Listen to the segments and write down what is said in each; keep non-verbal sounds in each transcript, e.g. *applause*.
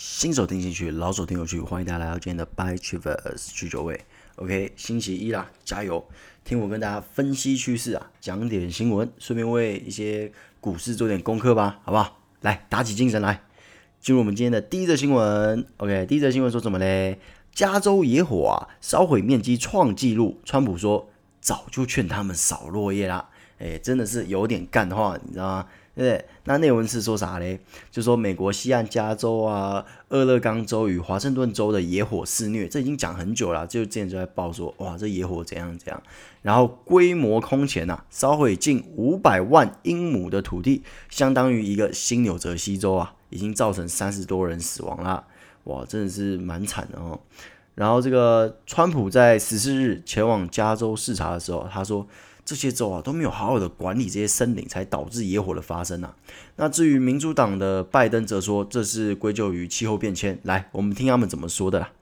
新手聽進去，老手聽有趣，歡迎大家來到今天的 By Travers 趨就位。OK，星期一啦，加油！聽我跟大家分析趨勢啊，講點新聞，順便為一些股市做點功課吧，好不好？來，打起精神來，進入我們今天的第一則新聞。OK，第一則新聞說什麼嘞？加州野火啊，燒毀面積創紀錄。川普說早就勸他們掃落葉啦，哎，真的是有點幹的話，你知道嗎？對，不對，那內文是說啥嘞？就說美國西岸加州啊、俄勒岡州與華盛頓州的野火肆虐，這已經講很久了，就之前就在報說，哇，這野火怎樣怎樣，然後規模空前吶、啊，燒毀近五百萬英畝的土地，相當於一個新紐澤西州啊，已經造成三十多人死亡了，哇，真的是蠻慘的哦。然後這個川普在十四日前往加州視察的時候，他說。這些州啊都沒有好好的管理這些森林，才導致野火的發生吶、啊。那至於民主黨的拜登則說，這是歸咎於氣候變遷。來，我們聽他們怎麼說的啦。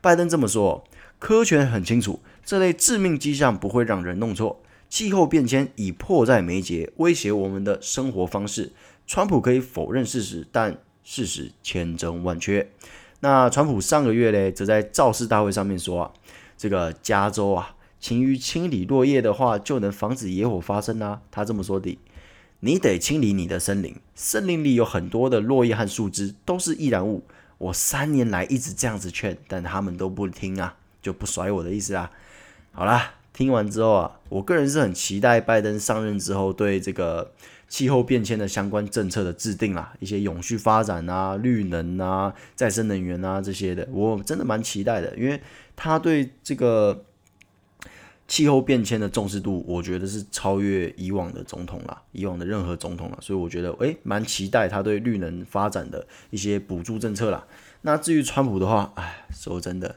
拜登這麼說：科權很清楚，這類致命跡象不會讓人弄錯，氣候變遷已迫在眉睫，威脅我們的生活方式。川普可以否認事實，但事實千真萬確。那川普上個月嘞，則在造勢大會上面說、啊，這個加州啊。勤於清理落葉的話，就能防止野火發生啦、啊。他這麼說的，你得清理你的森林，森林裡有很多的落葉和樹枝都是易燃物。我三年來一直這樣子勸，但他們都不聽啊，就不甩我的意思啦、啊。好啦，聽完之後，啊，我個人是很期待拜登上任之後對這個氣候變遷的相關政策的制定啦、啊，一些永續發展啊、綠能啊、再生能源啊這些的，我真的蠻期待的，因為他對這個。氣候變遷的重視度，我覺得是超越以往的總統啦，以往的任何總統啦，所以我覺得誒，蠻期待他對綠能發展的一些補助政策啦。那至於川普的話，哎，說真的，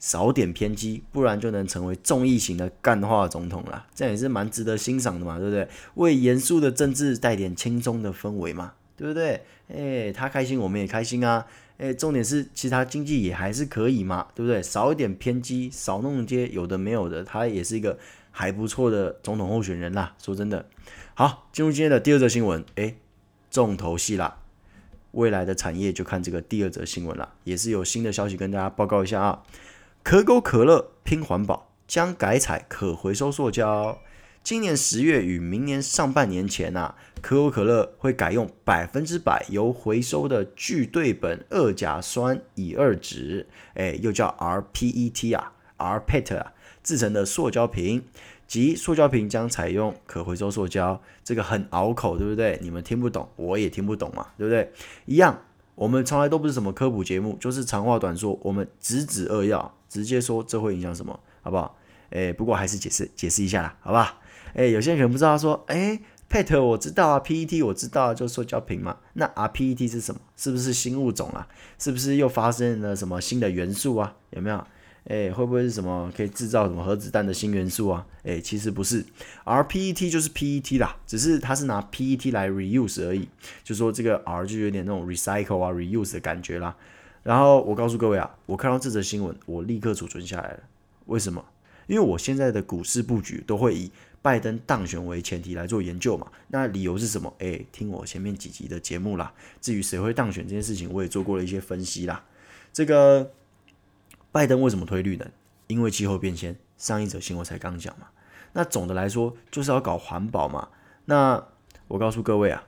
少點偏激，不然就能成為眾議型的幹話總統啦，這樣也是蠻值得欣賞的嘛，對不對？為嚴肅的政治帶點輕鬆的氛圍嘛。對不對？誒、欸，他開心，我們也開心啊！誒、欸，重點是，其他經濟也還是可以嘛，對不對？少一點偏激，少弄些有的沒有的，他也是一個還不錯的總統候選人啦。說真的，好，進入今天的第二則新聞，誒、欸，重頭戲啦！未來的產業就看這個第二則新聞啦。也是有新的消息跟大家報告一下啊。可口可樂拼環保，將改採可回收塑膠。今年十月與明年上半年前吶、啊，可口可樂會改用百分之百由回收的聚對苯二甲酸乙二酯，哎，又叫 rPET 啊，rPET 啊製成的塑膠瓶，即塑膠瓶將採用可回收塑膠。這個很拗口，對不對？你們聽不懂，我也聽不懂嘛，對不對？一樣，我們從來都不是什麼科普節目，就是長話短說，我們直指扼要，直接說這會影響什麼，好不好？哎，不過還是解釋解釋一下啦，好不好？哎，有些人不知道他說，哎，PET 我知道啊，PET 我知道啊，就說叫瓶嘛。那 R PET 是什麼？是不是新物種啊？是不是又發生了什麼新的元素啊？有沒有？哎，會不會是什麼可以制造什麼核子彈的新元素啊？哎，其實不是，R PET 就是 PET 啦，只是它是拿 PET 來 reuse 而已，就說這個 R 就有點那種 recycle 啊，reuse 的感覺啦。然後我告訴各位啊，我看到這則新聞，我立刻儲存下來了。為什麼？因為我現在的股市布局都會以拜登當選為前提來做研究嘛。那理由是什麼？誒，聽我前面幾集的節目啦。至於誰會當選這件事情，我也做過了一些分析啦。這個拜登為什麼推綠呢？因為氣候變遷，上一則新聞才剛講嘛。那總的來說就是要搞環保嘛。那我告訴各位啊，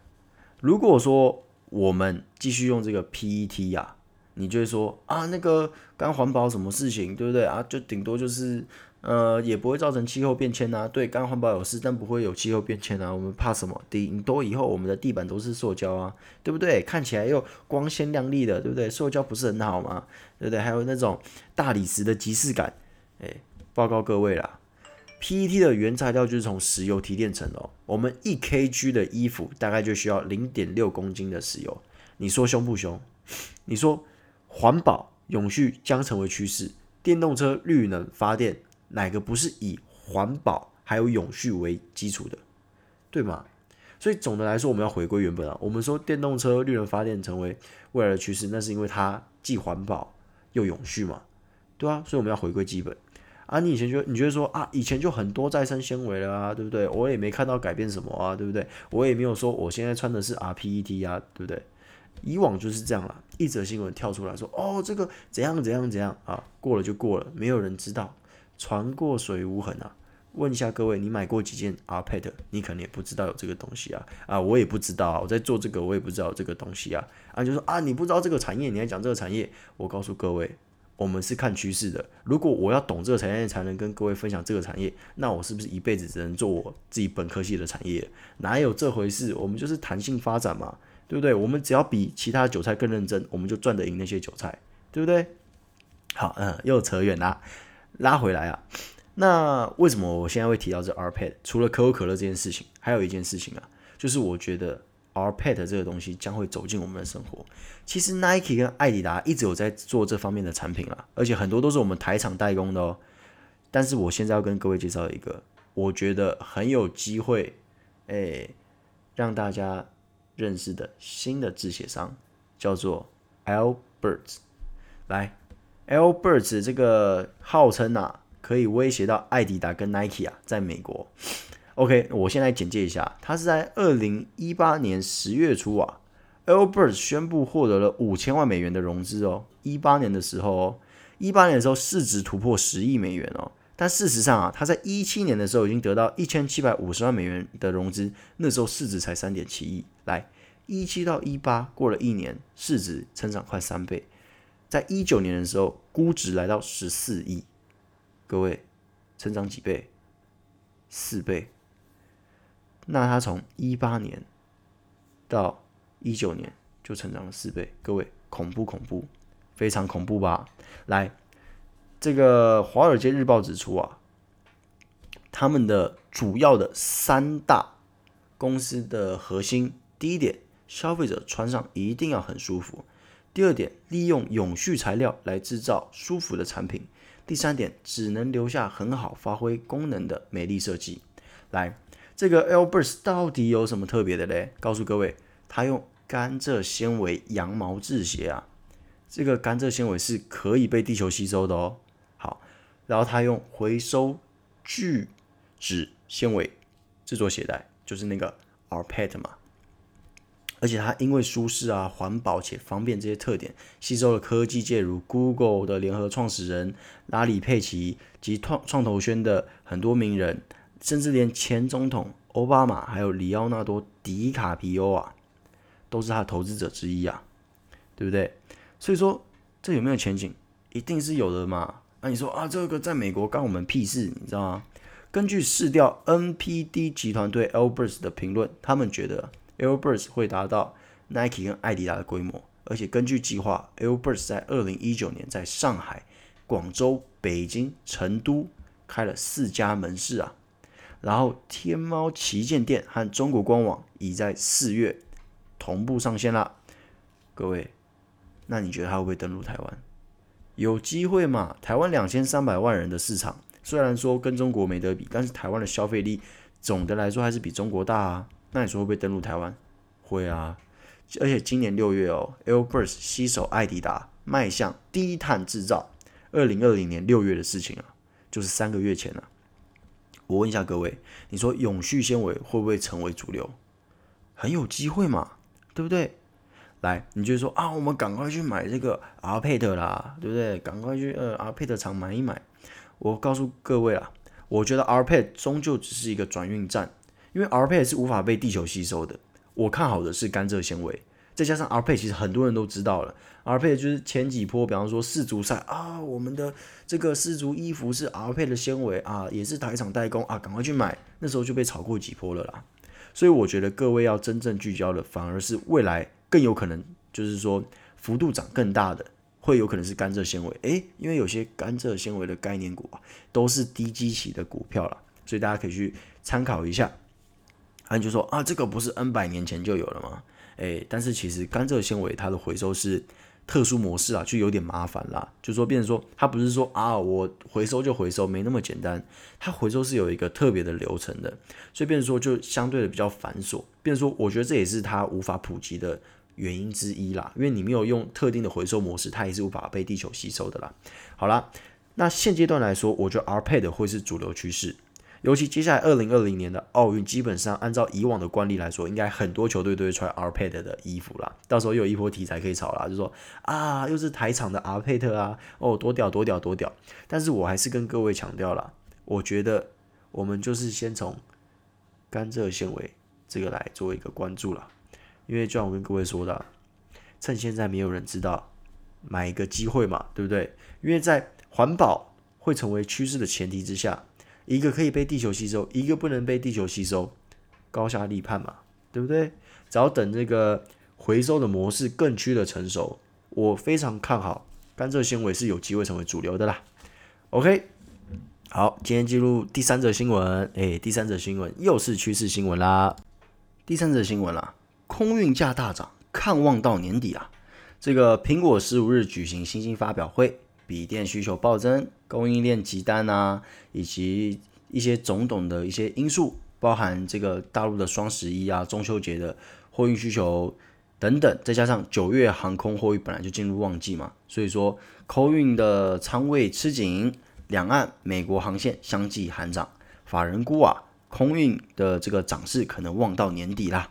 如果說我們繼續用這個 PET 呀，啊，你就會說啊，那個剛剛環保什麼事情，對不對啊？就頂多就是。呃，也不會造成氣候變遷吶、啊，對，干環保有事，但不會有氣候變遷啊。我們怕什麼？頂多以後我們的地板都是塑膠啊，對不對？看起來又光鮮亮麗的，對不對？塑膠不是很好嗎？對不對？還有那種大理石的即視感，哎，報告各位啦，PET 的原材料就是從石油提煉成的哦。我們一 kg 的衣服大概就需要零點六公斤的石油，你說凶不凶？你說環保永續將成為趨勢，電動車、綠能發電。哪個不是以環保還有永續為基礎的，對嗎？所以總的來說，我們要回歸原本啊。我們說電動車、綠能發電成為未來的趨勢，那是因為它既環保又永續嘛，對啊。所以我們要回歸基本啊。你以前覺得你覺得說啊，以前就很多再生纖維了啊，對不對？我也沒看到改變什麼啊，對不對？我也沒有說我現在穿的是 RPET 啊，對不對？以往就是這樣啦，一則新聞跳出來說哦，這個怎樣怎樣怎樣啊，過了就過了，沒有人知道。船過水無痕啊！問一下各位，你買過幾件 RPET，你可能也不知道有這個東西啊！啊，我也不知道啊！我在做這個，我也不知道這個東西啊！啊，就是、說啊，你不知道這個產業，你還講這個產業？我告訴各位，我們是看趨勢的。如果我要懂這個產業才能跟各位分享這個產業，那我是不是一輩子只能做我自己本科系的產業？哪有這回事？我們就是彈性發展嘛，對不對？我們只要比其他韭菜更認真，我們就賺得贏那些韭菜，對不對？好，嗯，又扯遠啦。拉回來啊，那為什麼我現在會提到這 RPET，除了可口可樂這件事情，還有一件事情啊，就是我覺得 RPET 這個東西將會走進我們的生活。其實 Nike 跟艾迪達一直有在做這方面的產品啊，而且很多都是我們台廠代工的哦。但是我現在要跟各位介紹一個，我覺得很有機會，哎、欸，讓大家認識的新的製鞋商，叫做 Allbirds。來。Allbirds 這個號稱啊，可以威脅到愛迪達跟 Nike 啊，在美國。OK，我先來簡介一下，他是在二零一八年十月初啊，Allbirds 宣布獲得了五千萬美元的融資哦。一八年的時候哦，一八年的時候市值突破十億美元哦。但事實上啊，他在一七年的時候已經得到一千七百五十萬美元的融資，那時候市值才三點七億。來，一七到一八過了一年，市值成長快三倍。在一九年的時候，估值來到十四億，各位，成長幾倍？四倍。那它從一八年到一九年就成長了四倍，各位，恐怖恐怖，非常恐怖吧？來，這個《華爾街日報》指出啊，他們的主要的三大公司的核心，第一點，消費者穿上一定要很舒服。第二點，利用永續材料來制造舒服的產品。第三點，只能留下很好發揮功能的美麗設計。來，這個 Allbirds 到底有什麼特別的嘞？告訴各位，它用甘蔗纖維羊毛製鞋啊，這個甘蔗纖維是可以被地球吸收的哦。好，然後它用回收聚酯纖維製作鞋帶，就是那個 rPET 嘛。而且它因為舒適啊、環保且方便這些特點，吸收了科技界如 Google 的聯合創始人拉里·佩奇及創創投圈的很多名人，甚至連前總統奧巴馬還有里奧納多·迪卡皮歐啊，都是他的投資者之一啊，對不對？所以說，這有沒有前景，一定是有的嘛。那、啊、你說啊，這個在美國干我們屁事，你知道嗎？根據市調 NPD 集團對 Allbirds 的評論，他們覺得。Allbirds 會達到 Nike 跟愛迪達的規模，而且根據計劃 Allbirds 在二零一九年在上海、廣州、北京、成都開了四家門市啊，然後天貓旗艦店和中國官網已在四月同步上線了。各位，那你覺得它會不會登陸台灣？有機會嘛？台灣兩千三百萬人的市場，雖然說跟中國沒得比，但是台灣的消費力總的來說還是比中國大啊。那你說會不會登陸台灣？會啊，而且今年六月哦，Airbus 攜手艾迪達邁向低碳製造。二零二零年六月的事情啊，就是三個月前啊。我問一下各位，你說永續纖維會不會成為主流？很有機會嘛，對不對？來，你就說啊，我們趕快去買這個阿佩特啦，對不對？趕快去呃阿佩特廠買一買。我告訴各位啊，我覺得阿佩特終究只是一個轉運站。因為 RPE 是無法被地球吸收的，我看好的是甘蔗纖維，再加上 RPE，其實很多人都知道了。RPE 就是前幾波，比方說世足賽啊，我們的這個世足衣服是 RPE 的纖維啊，也是台廠代工啊，趕快去買，那時候就被炒過幾波了啦。所以我覺得各位要真正聚焦的，反而是未來更有可能，就是說幅度漲更大的，會有可能是甘蔗纖維。誒，因為有些甘蔗纖維的概念股啊，都是低基期的股票了，所以大家可以去參考一下。他、啊、就說啊，這個不是 N 百年前就有了嗎？哎，但是其實甘蔗纖維它的回收是特殊模式啊，就有點麻煩啦。就說變成說它不是說啊，我回收就回收，沒那麼簡單。它回收是有一個特別的流程的，所以變成說就相對的比較繁瑣。變成說，我覺得這也是它無法普及的原因之一啦。因為你沒有用特定的回收模式，它也是無法被地球吸收的啦。好啦，那現階段來說，我覺得 rPET 會是主流趨勢。尤其接下來二零二零年的奧運，基本上按照以往的慣例來說，應該很多球隊都會穿阿佩特的衣服啦。到時候又有一波題材可以炒啦，就說啊，又是台廠的阿佩特啊，哦，多屌多屌多屌！但是我還是跟各位強調啦，我覺得我們就是先從甘蔗纖維這個來做一個關注啦，因為就像我跟各位說的，趁現在沒有人知道，買一個機會嘛，對不對？因為在環保會成為趨勢的前提之下。一個可以被地球吸收，一個不能被地球吸收，高下立判嘛，對不對？只要等這個回收的模式更趨的成熟，我非常看好甘蔗纖維是有機會成為主流的啦。OK，好，今天進入第三則新聞，誒，第三則新聞又是趨勢新聞啦，第三則新聞啦、啊，空運價大漲，看望到年底啊。這個蘋果十五日舉行新品發表會，筆電需求暴增。供應鏈急單啊，以及一些種種的一些因素，包含這個大陸的雙十一啊、中秋節的貨運需求等等，再加上九月航空貨運本來就進入旺季嘛，所以說空運的倉位吃緊，兩岸美國航線相繼喊漲，法人估啊，空運的這個漲勢可能旺到年底啦。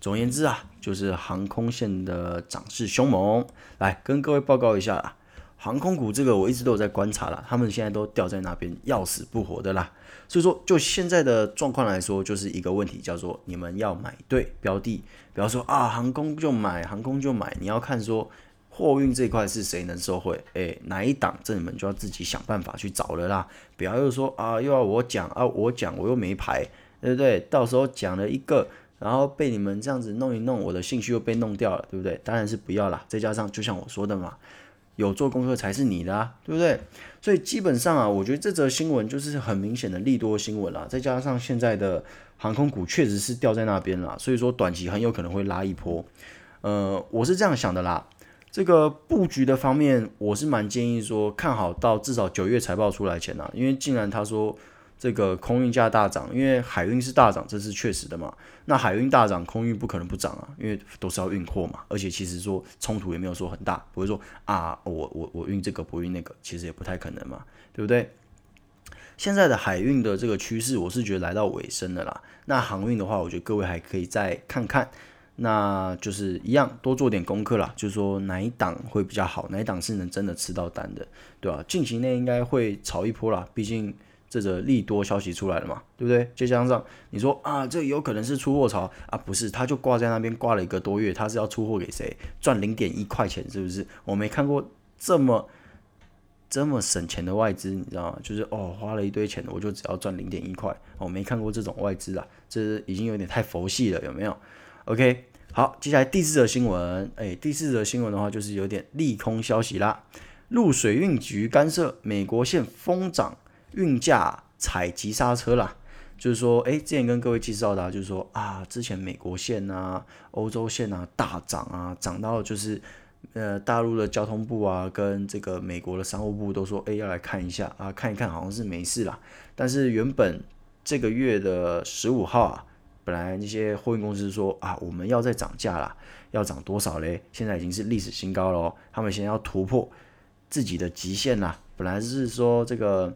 總而言之啊，就是航空線的漲勢凶猛，來跟各位報告一下啊。航空股這個我一直都有在觀察啦，他們現在都掉在那邊要死不活的啦。所以說，就現在的狀況來說，就是一個問題，叫做你們要買對標的。不要說啊，航空就買航空就買，你要看說貨運這一塊是誰能收回，誒哪一檔，這你們就要自己想辦法去找了啦。不要又說啊，又要我講啊，我講我又沒牌，對不對？到時候講了一個，然後被你們這樣子弄一弄，我的興趣又被弄掉了，對不對？當然是不要啦，再加上就像我說的嘛。有做功課才是你的，啊，對不對？所以基本上啊，我覺得這則新聞就是很明顯的利多新聞啦。再加上現在的航空股確實是掉在那邊了，所以說短期很有可能會拉一波。呃，我是這樣想的啦。這個布局的方面，我是蠻建議說看好到至少九月財報出來前啦，因為既然他說。這個空運價大漲，因為海運是大漲，這是確實的嘛。那海運大漲，空運不可能不漲啊，因為都是要運貨嘛。而且其實說衝突也沒有說很大，不會說啊，我我我運這個不運那個，其實也不太可能嘛，對不對？現在的海運的這個趨勢，我是覺得來到尾聲的啦。那航運的話，我覺得各位還可以再看看，那就是一樣多做點功課啦。就是說哪一檔會比較好，哪一檔是能真的吃到單的，對吧、啊？近期內應該會炒一波啦，畢竟。這個利多消息出來了嘛？對不對？就像這樣，你說啊，這有可能是出貨潮啊？不是，他就掛在那邊掛了一個多月，他是要出貨給誰？賺零點一塊錢，是不是？我沒看過這麼這麼省錢的外資，你知道嗎？就是哦，花了一堆錢，我就只要賺零點一塊，我、哦、沒看過這種外資啊，這已經有點太佛系了，有沒有？OK，好，接下來第四則新聞，哎，第四則新聞的話就是有點利空消息啦，露水運局干涉美國線瘋漲。運價踩急剎車啦，就是說，哎，之前跟各位介紹的，啊，就是說啊，之前美國線吶，歐洲線啊大漲啊，漲到就是，呃，大陸的交通部啊跟這個美國的商務部都說，哎，要來看一下啊，看一看，好像是沒事啦。但是原本這個月的十五號啊，本來那些貨運公司說啊，我們要再漲價啦，要漲多少嘞？現在已經是歷史新高了哦，他們現在要突破自己的極限啦。本來是說這個。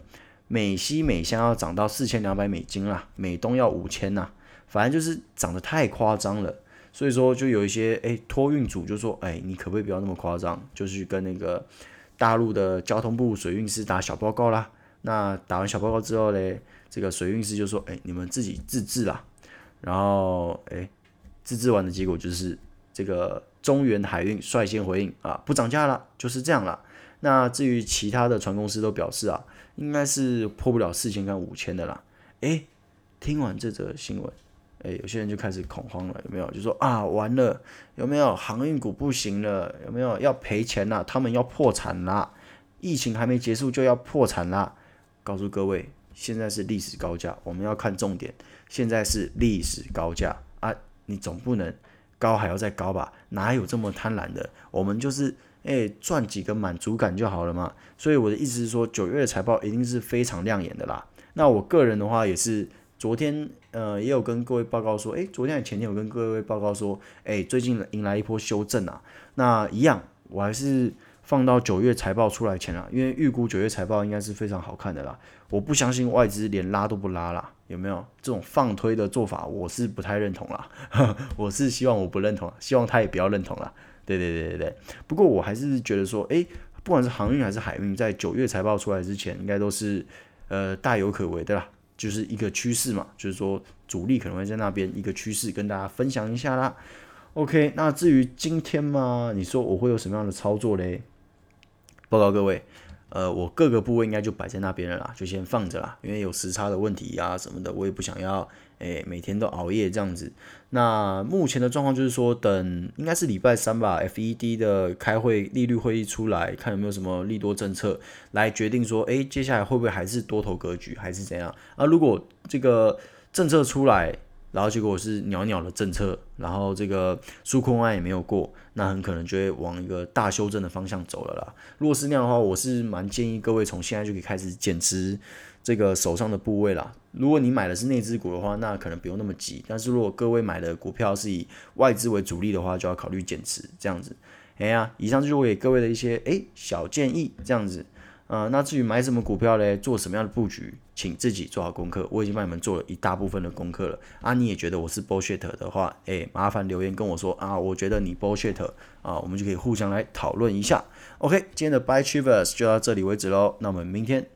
美西每箱要漲到四千兩百美金啦，美東要五千吶，反正就是漲得太誇張了，所以說就有一些誒托運組就說誒你可不可以不要那麼誇張，就是跟那個大陸的交通部水運司打小報告啦。那打完小報告之後嘞，這個水運司就說誒你們自己自制啦，然後誒自制完的結果就是這個中原海運率先回應啊，不漲價了，就是這樣啦。那至於其他的船公司都表示啊。應該是破不了四千跟五千的啦。誒，聽完這則新聞，誒，有些人就開始恐慌了，有沒有？就說啊，完了，有沒有？航運股不行了，有沒有？要賠錢啦，他們要破產啦，疫情還沒結束就要破產啦。告訴各位，現在是歷史高價，我們要看重點。現在是歷史高價啊，你總不能高還要再高吧？哪有這麼貪婪的？我們就是。誒、欸，賺幾個滿足感就好了嘛。所以我的意思是說，九月的財報一定是非常亮眼的啦。那我個人的話也是，昨天呃也有跟各位報告說，誒、欸，昨天前天有跟各位報告說，誒、欸，最近迎來一波修正啊。那一樣，我還是放到九月財報出來前啦，因為預估九月財報應該是非常好看的啦。我不相信外資連拉都不拉啦，有沒有這種放推的做法？我是不太認同啦。 *laughs* 我是希望我不認同，希望他也不要認同啦。對對對對對，不過我還是覺得說，誒，不管是航運還是海運，在九月財報出來之前，應該都是呃大有可為，對吧？就是一個趨勢嘛，就是說主力可能會在那邊一個趨勢，跟大家分享一下啦。OK，那至於今天嘛，你說我會有什麼樣的操作嘞？報告各位。呃，我各個部位應該就擺在那邊了啦，就先放着啦。因為有時差的問題呀、啊、什麼的，我也不想要，哎，每天都熬夜這樣子。那目前的狀況就是說，等應該是禮拜三吧，FED 的開會利率會議出來，看有沒有什麼利多政策來決定說，哎，接下來會不會還是多頭格局，還是怎樣？啊，如果這個政策出來。然後結果是鳥鳥的政策，然後這個紓困案也沒有過，那很可能就會往一個大修正的方向走了啦。如果是那樣的話，我是蠻建議各位從現在就可以開始減持這個手上的部位啦。如果你買的是內資股的話，那可能不用那麼急；但是如果各位買的股票是以外資為主力的話，就要考慮減持這樣子。哎呀、啊，以上就是我給各位的一些哎小建議，這樣子。呃，那至於買什麼股票嘞，做什麼樣的佈局，請自己做好功課。我已經幫你們做了一大部分的功課了。啊，你也覺得我是 bullshit 的話，哎、欸，麻煩留言跟我說啊，我覺得你 bullshit 啊，我們就可以互相來討論一下。OK，今天的 By Travers 就到這裡為止嘍，那我們明天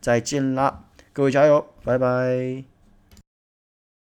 再見啦，各位加油，拜拜。